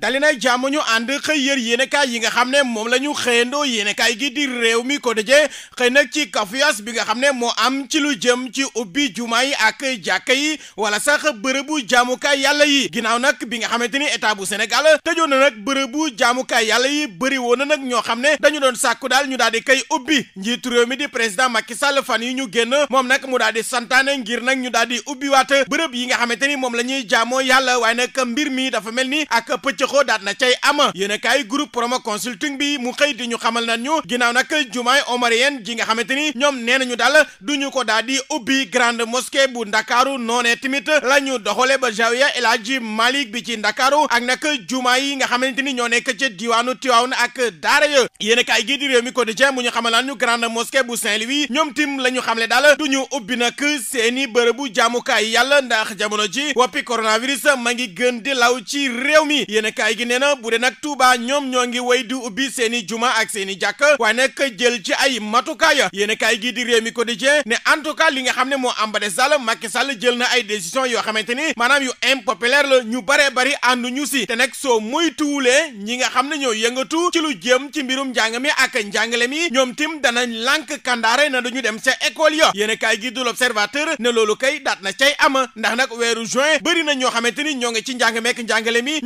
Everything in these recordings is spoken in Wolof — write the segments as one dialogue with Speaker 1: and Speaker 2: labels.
Speaker 1: dali nay jàmm ñu ànd xëy yër yéenekaay yi nga xam ne moom la ñu xëyandoo yéenekaay gi di réew mi ko dëje xëy nag ci kafuyas bi nga xam ne moo am ci lu jëm ci ubbi jumaa yi ak jàkk yi wala sax bërëbu jaamukaay yàlla yi ginnaaw nag bi nga xamante ni état bu Sénégal tëjoon na nag bërëbu jaamukaay yàlla yi bëri woon na nag ñoo xam ne dañu doon sàkku daal ñu daal di koy ubbi njiitu réew mi di président Macky Sall fan yi ñu génn moom nag mu daal di santaane ngir nag ñu daal di ubbi bërëb yi nga xamante ni moom la ñuy jaamoo yàlla waaye nag mbir mi dafa mel ni Sakho daat na cay ama yéen a kaay groupe promo consulting bi mu xëy di ñu xamal na ñu ginnaaw nag jumaay omarienne ji nga xamante ni ñoom nee nañu daal du ñu ko daa di ubbi grande mosquée bu ndakaaru noonee tamit la ñu doxalee ba jawiya El Hadji Malick bi ci ndakaaru ak nag jumaa yi nga xamante ni ñoo nekk ca diwaanu Tiwaawan ak daara ya yéen a kaay gi di réew mi quotidien mu ñu xamal na ñu grande mosquée bu Saint-Louis ñoom tim la ñu xamle daal du ñu ubbi nag seeni bërëbu jaamukaay yàlla ndax jamono ji woppi coronavirus ma ngi gën di law ci réew mi kaay gi nee na bu dee nag ñoom ñoo ngi way di ubbi seeni juma ak seeni jàkk waaye nag jël ci ay matukaay yéen kaay gi di réew mi quotidien ne en tout cas li nga xam ne moo am ba des daal Macky jël na ay décision yoo xamante ni maanaam yu impopulaire la ñu baree bari àndu ñu si te nag soo moytuwulee ñi nga xam ne ñoo yëngatu ci lu jëm ci mbirum njàng mi ak njàngale mi ñoom tim danañ lank kandaare na dañu dem ca école ya yéen kaay gi du l'observateur ne loolu kay na cay am ndax nag weeru juin bëri na ñoo xamante ni ñoo ngi ci njàng meek njàngale mi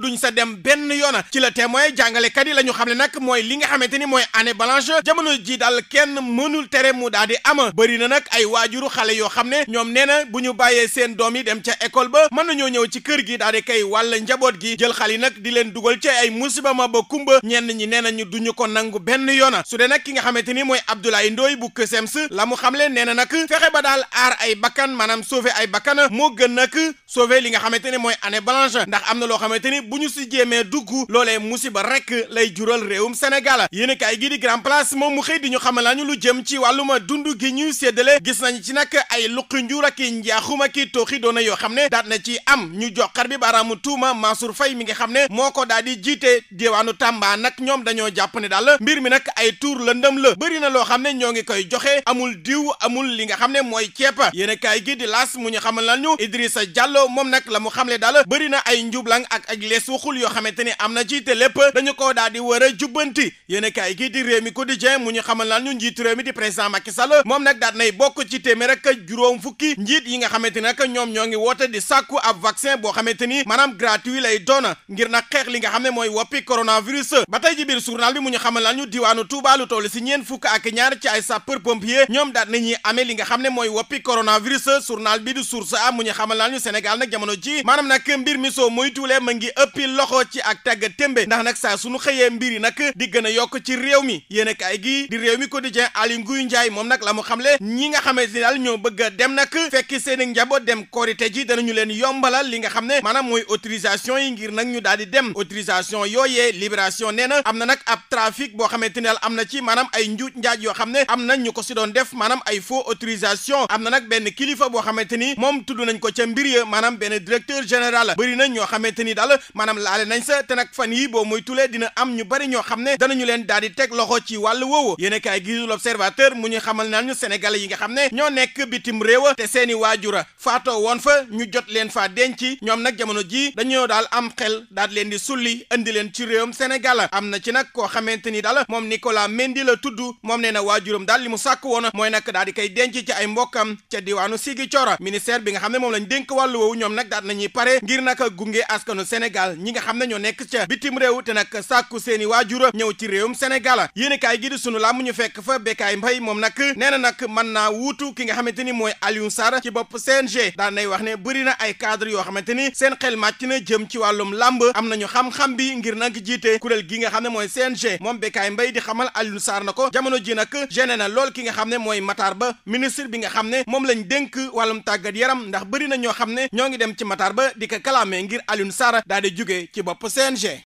Speaker 1: duñ sa dem benn yoona ci la témoin jàngalekat yi la ñu xam ne nag mooy li nga xamante ni mooy année blanche jamono ji daal kenn mënul tere mu daal di am bëri na nag ay waajuru xale yoo xam ne ñoom nee na bu ñu bàyyee seen doom yi dem ca école ba mën nañoo ñëw ci kër gi daal di kay wàll njaboot gi jël xale yi nag di dugal ci ay musiba ma ba kumba ñenn ñi nee nañu duñu ko nangu benn yoona su dee nag ki nga xamante ni mooy Abdoulaye Ndoye bu Cusems e la mu xamle nee na nag fexe ba daal aar ay bakkan maanaam sauver ay bakkan moo gën nag sauver li nga xamante ni mooy année blanche ndax am na loo xamante ni bu ñu si jéemee dugg loolee musiba rek lay jural réewum Sénégal yéen kaay gi di grand place moom mu xëy di ñu xam xamal lañu lu jëm ci wàllum dund gi ñuy séddale gis nañ ci nag ay luqi njur ak i njaaxuma ki tooxi doona yoo xam ne daat na ci am ñu joxar bi baaraamu tuuma Mansour Faye mi nga xam ne moo ko daal di jiite diwaanu tàmbaa nag ñoom dañoo jàpp ne daal mbir mi nag ay tuur lëndëm la bëri na loo xam ne ñoo ngi koy joxe amul diw amul li nga xam ne mooy ceeb yéen kaay mu ñu xamal lañu Idrissa Diallo moom nag la mu xamle daal bëri na ay njublang ak ak suuxul yoo xamante ni am na ci te lépp dañu ko daal di war a jubbanti yéen kaay gii di réew mi quotidien mu ñu xamal naan ñu njiitu réew mi di président Macky Sall moom nag daal nay bokk ci téeméer ak juróom fukki njiit yi nga xamante ni nag ñoom ñoo ngi woote di sàkku ab vaccin boo xamante ni maanaam gratuit lay doona ngir nag xeex li nga xam ne mooy woppi coronavirus ba tey ji biir bi mu ñu xamal naan ñu diwaanu Touba lu toll si ñeen fukk ak ñaar ci ay sapeur pompier ñoom daal nañuy amee li nga xam ne mooy woppi coronavirus journal bi di source mu ñu xamal naan ñu Sénégal jamono ji maanaam nag mbir mi soo moytuwulee ngi soppi loxo ci ak tàggat tembe ndax nag saa suñu xëyee mbir yi nag di gën a yokk ci réew mi yéen kaay gi di réew mi quotidien Aliou Nguy Ndiaye moom nag la mu xamle ñi nga xamante ni daal ñoo bëgg dem nag fekki seen i njaboot dem korite ji danañu leen yombalal li nga xam ne maanaam mooy autorisation yi ngir nag ñu daal di dem autorisation yooyee libération nee na am na nag ab trafic boo xamante ni daal am na ci maanaam ay njuuj njaaj yoo xam ne am na ñu ko si doon def maanaam ay faux autorisation am na nag benn kilifa boo xamante ni moom tudd nañ ko ca mbir maanaam benn directeur général bëri na ñoo xamante ni daal maanaam laale nañ sa te nag fan yi boo muy tulee dina am ñu bari ñoo xam ne danañu leen daal di teg loxo ci wàll woowu yéene kaay gi l'observateur mu ñu xamal naa ñu sénégalais yi nga xam ne ñoo nekk bitim réew te seeni waajura faatoo woon fa ñu jot leen faa denc ñoom nag jamono jii dañoo daal am xel daal leen di sulli indi leen ci réewam Sénégal am na ci nag koo xamante ni daal moom Nicolas Mendy la tudd moom nee na waajuram daal li mu sàkk woon mooy nag daal di koy denc ci ay mbokkam ca diwaanu Ziguinchor ministère bi nga xam ne lañ dénk wàllu woowu ñoom nag daal nañuy pare ngir nag gunge askanu Sénégal Sénégal ñi nga xam ne ñoo nekk ca bitim réew te nag sàkku seeni waajur ñëw ci réewum Sénégal yéenekaay gi di sunu làmb ñu fekk fa Bécaye Mbaye moom nag nee na nag mën naa wuutu ki nga xamante ni mooy Alioune Sarr ci bopp CNG daan nay wax ne bëri na ay cadre yoo xamante ni seen xel màcc na jëm ci wàllum làmb am nañu xam-xam bi ngir nag jiite kuréel gi nga xam ne mooy CNG moom Bécaye Mbaye di xamal Alioune Sarr na ko jamono ji nag gêné na lool ki nga xam ne mooy Matar Ba ministre bi nga xam ne moom lañ dénk wàllum tàggat yaram ndax bëri na ñoo xam ne ñoo ngi dem ci Matar Ba jóge ci bopp CNG